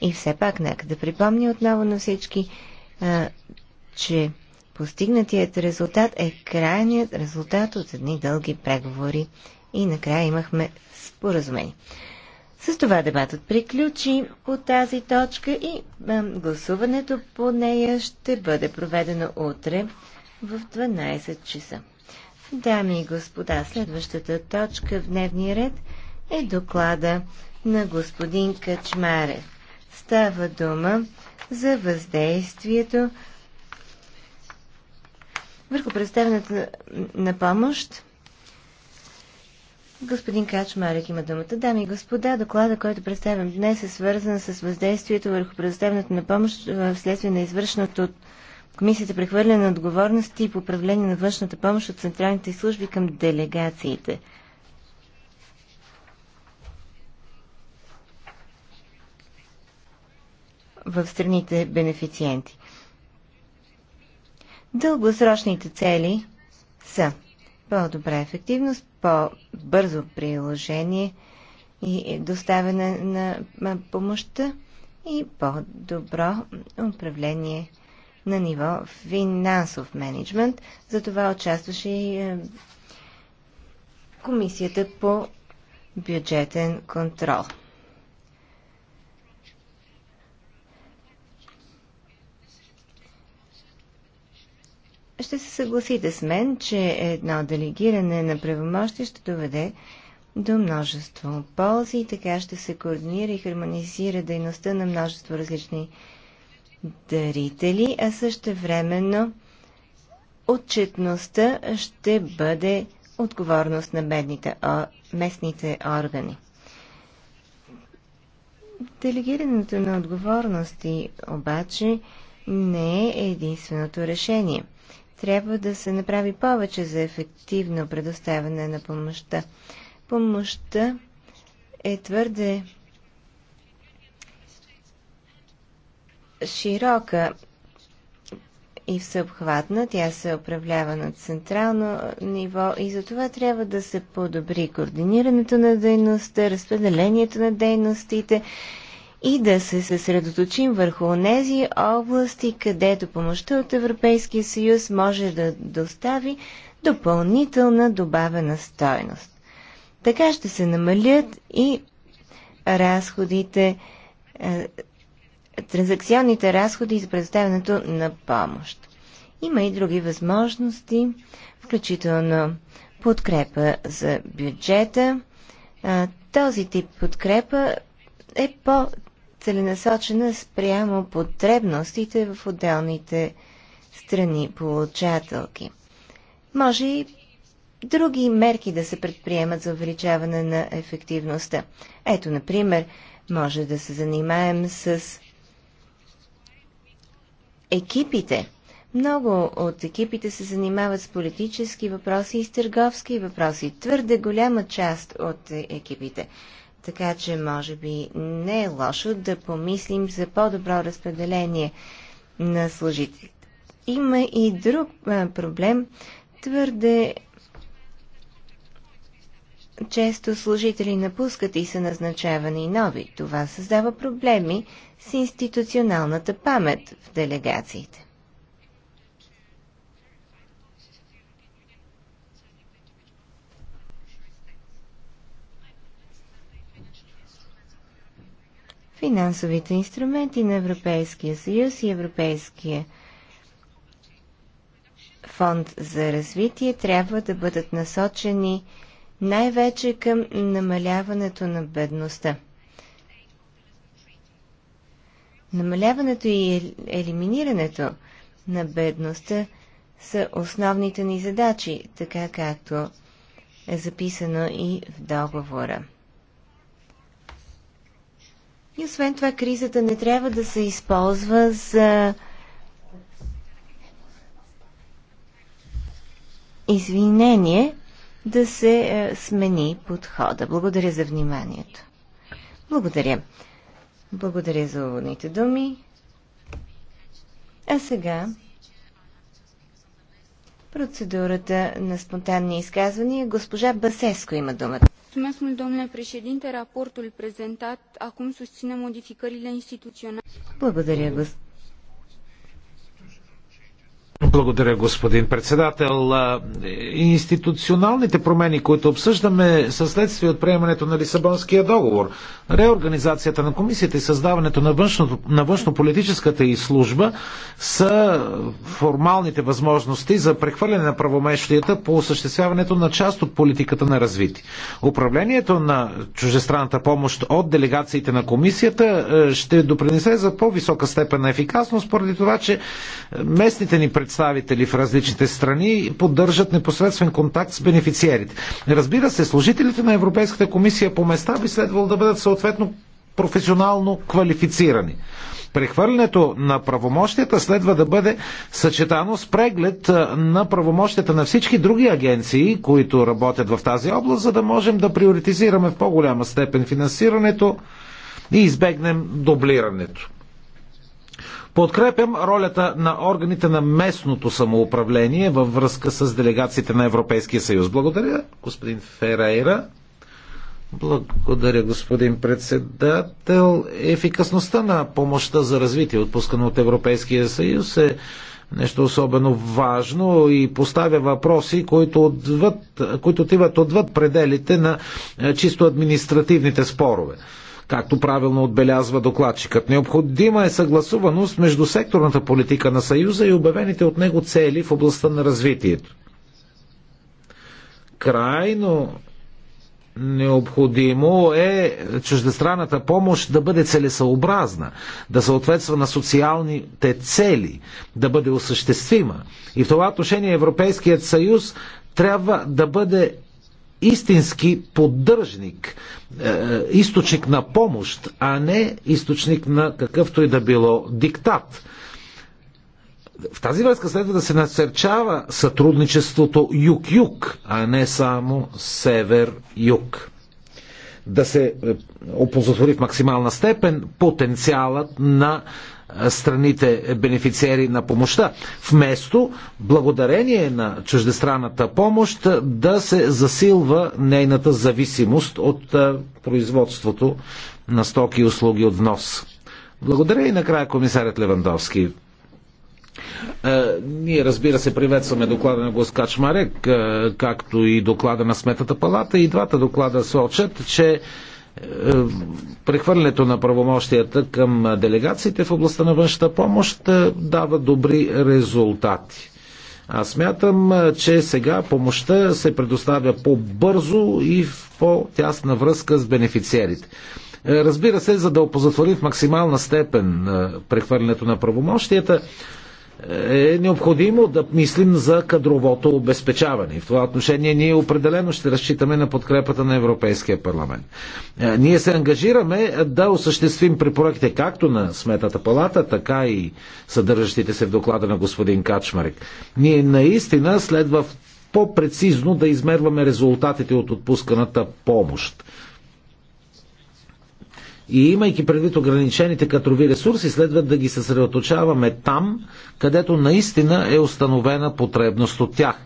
И все пак, нека да припомня отново на всички, а, че постигнатият резултат е крайният резултат от едни дълги преговори и накрая имахме споразумение. С това дебатът приключи по тази точка и а, гласуването по нея ще бъде проведено утре в 12 часа. Дами и господа, следващата точка в дневния ред е доклада на господин Качмарев. Става дума за въздействието върху представената на помощ. Господин Качмарек има думата. Дами и господа, доклада, който представям днес е свързан с въздействието върху предоставянето на помощ вследствие на извършеното от Комисията прехвърляне на отговорности и по управление на външната помощ от централните служби към делегациите. в страните бенефициенти. Дългосрочните цели са по-добра ефективност, по-бързо приложение и доставяне на помощта и по-добро управление на ниво финансов менеджмент. За това участваше и е, Комисията по бюджетен контрол. ще се съгласите с мен, че едно делегиране на правомощи ще доведе до множество ползи и така ще се координира и хармонизира дейността на множество различни дарители, а също времено отчетността ще бъде отговорност на бедните, о, местните органи. Делегирането на отговорности обаче не е единственото решение. Трябва да се направи повече за ефективно предоставяне на помощта. Помощта е твърде широка и всеобхватна. Тя се управлява на централно ниво и за това трябва да се подобри координирането на дейността, разпределението на дейностите и да се съсредоточим върху тези области, където помощта от Европейския съюз може да достави допълнителна добавена стойност. Така ще се намалят и разходите, е, транзакционните разходи за предоставянето на помощ. Има и други възможности, включително подкрепа за бюджета. Е, този тип подкрепа е по целенасочена спрямо потребностите в отделните страни получателки. Може и други мерки да се предприемат за увеличаване на ефективността. Ето, например, може да се занимаем с екипите. Много от екипите се занимават с политически въпроси и с търговски въпроси. Твърде голяма част от е- екипите. Така че, може би, не е лошо да помислим за по-добро разпределение на служителите. Има и друг проблем. Твърде често служители напускат и са назначавани нови. Това създава проблеми с институционалната памет в делегациите. финансовите инструменти на Европейския съюз и Европейския фонд за развитие трябва да бъдат насочени най-вече към намаляването на бедността. Намаляването и елиминирането на бедността са основните ни задачи, така както е записано и в договора. И освен това, кризата не трябва да се използва за извинение да се е, смени подхода. Благодаря за вниманието. Благодаря. Благодаря за уводните думи. А сега процедурата на спонтанни изказвания. Госпожа Басеско има думата. Raportul prezentat acum susține modificările instituționale. Благодаря, господин председател. Институционалните промени, които обсъждаме, са следствие от приемането на Лисабонския договор. Реорганизацията на комисията и създаването на, външно, на външнополитическата и служба са формалните възможности за прехвърляне на правомещията по осъществяването на част от политиката на развитие. Управлението на чужестранната помощ от делегациите на комисията ще допринесе за по-висока степен на ефикасност, поради това, че местните ни пред представители в различните страни поддържат непосредствен контакт с бенефициерите. Разбира се, служителите на Европейската комисия по места би следвало да бъдат съответно професионално квалифицирани. Прехвърлянето на правомощията следва да бъде съчетано с преглед на правомощията на всички други агенции, които работят в тази област, за да можем да приоритизираме в по-голяма степен финансирането и избегнем дублирането. Подкрепям ролята на органите на местното самоуправление във връзка с делегациите на Европейския съюз. Благодаря, господин Ферейра. Благодаря, господин председател. Ефикасността на помощта за развитие, отпускана от Европейския съюз, е нещо особено важно и поставя въпроси, които, отвъд, които отиват отвъд пределите на чисто административните спорове както правилно отбелязва докладчикът. Необходима е съгласуваност между секторната политика на Съюза и обявените от него цели в областта на развитието. Крайно необходимо е чуждестранната помощ да бъде целесъобразна, да съответства на социалните цели, да бъде осъществима. И в това отношение Европейският съюз трябва да бъде истински поддържник, е, е, източник на помощ, а не източник на какъвто и да било диктат. В тази връзка следва да се насърчава сътрудничеството юг-юг, а не само север-юг. Да се е, опозотвори в максимална степен потенциалът на страните бенефициери на помощта, вместо благодарение на чуждестранната помощ да се засилва нейната зависимост от производството на стоки и услуги от внос. Благодаря и накрая комисарят Левандовски. Е, ние, разбира се, приветстваме доклада на Госкач Марек, е, както и доклада на Сметата палата. И двата доклада сочат, че е, прехвърлянето на правомощията към делегациите в областта на външната помощ е, дава добри резултати. Аз смятам, е, че сега помощта се предоставя по-бързо и в по-тясна връзка с бенефициерите. Разбира се, за да опозатворим в максимална степен прехвърлянето на правомощията, е необходимо да мислим за кадровото обезпечаване. В това отношение ние определено ще разчитаме на подкрепата на Европейския парламент. Е, ние се ангажираме да осъществим препоръките както на Сметата палата, така и съдържащите се в доклада на господин Качмарек. Ние наистина следва по-прецизно да измерваме резултатите от отпусканата помощ. И имайки предвид ограничените кадрови ресурси, следва да ги съсредоточаваме там, където наистина е установена потребност от тях.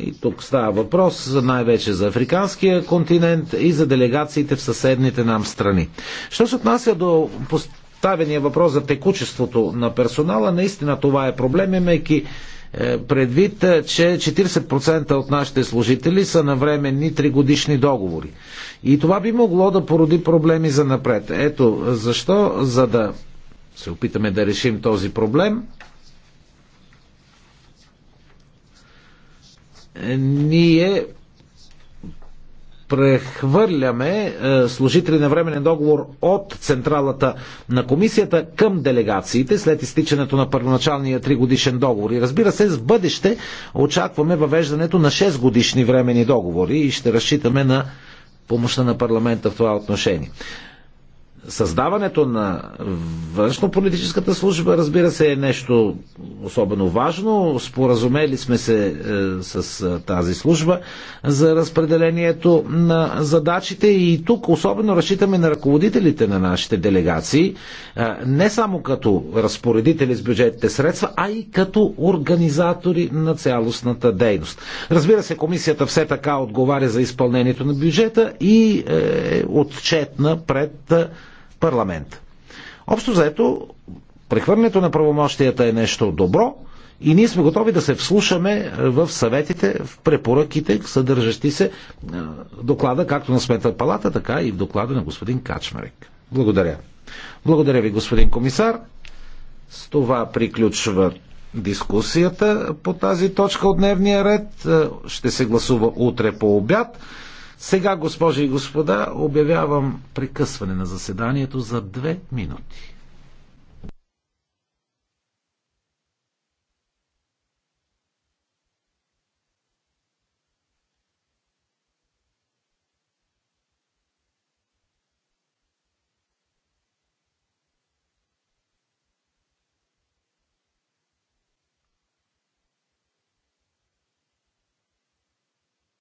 И тук става въпрос най-вече за африканския континент и за делегациите в съседните нам страни. Що се отнася до поставения въпрос за текучеството на персонала, наистина това е проблем, имайки е, предвид, е, че 40% от нашите служители са на временни тригодишни договори. И това би могло да породи проблеми за напред. Ето защо, за да се опитаме да решим този проблем, е, ние прехвърляме е, служители на временен договор от централата на комисията към делегациите след изтичането на първоначалния тригодишен договор. И разбира се, в бъдеще очакваме въвеждането на 6 годишни времени договори и ще разчитаме на помощта на парламента в това отношение. Създаването на външно-политическата служба, разбира се, е нещо особено важно. Споразумели сме се е, с е, тази служба за разпределението на задачите и тук особено разчитаме на ръководителите на нашите делегации, е, не само като разпоредители с бюджетните средства, а и като организатори на цялостната дейност. Разбира се, комисията все така отговаря за изпълнението на бюджета и е, е отчетна пред е, парламент. Общо заето, прехвърлянето на правомощията е нещо добро и ние сме готови да се вслушаме в съветите, в препоръките, съдържащи се в е, доклада както на Смета палата, така и в доклада на господин Качмарик. Благодаря. Благодаря ви, господин комисар. С това приключва дискусията по тази точка от дневния ред. Е, ще се гласува утре по обяд. Сега, госпожи и господа, обявявам прекъсване на заседанието за две минути.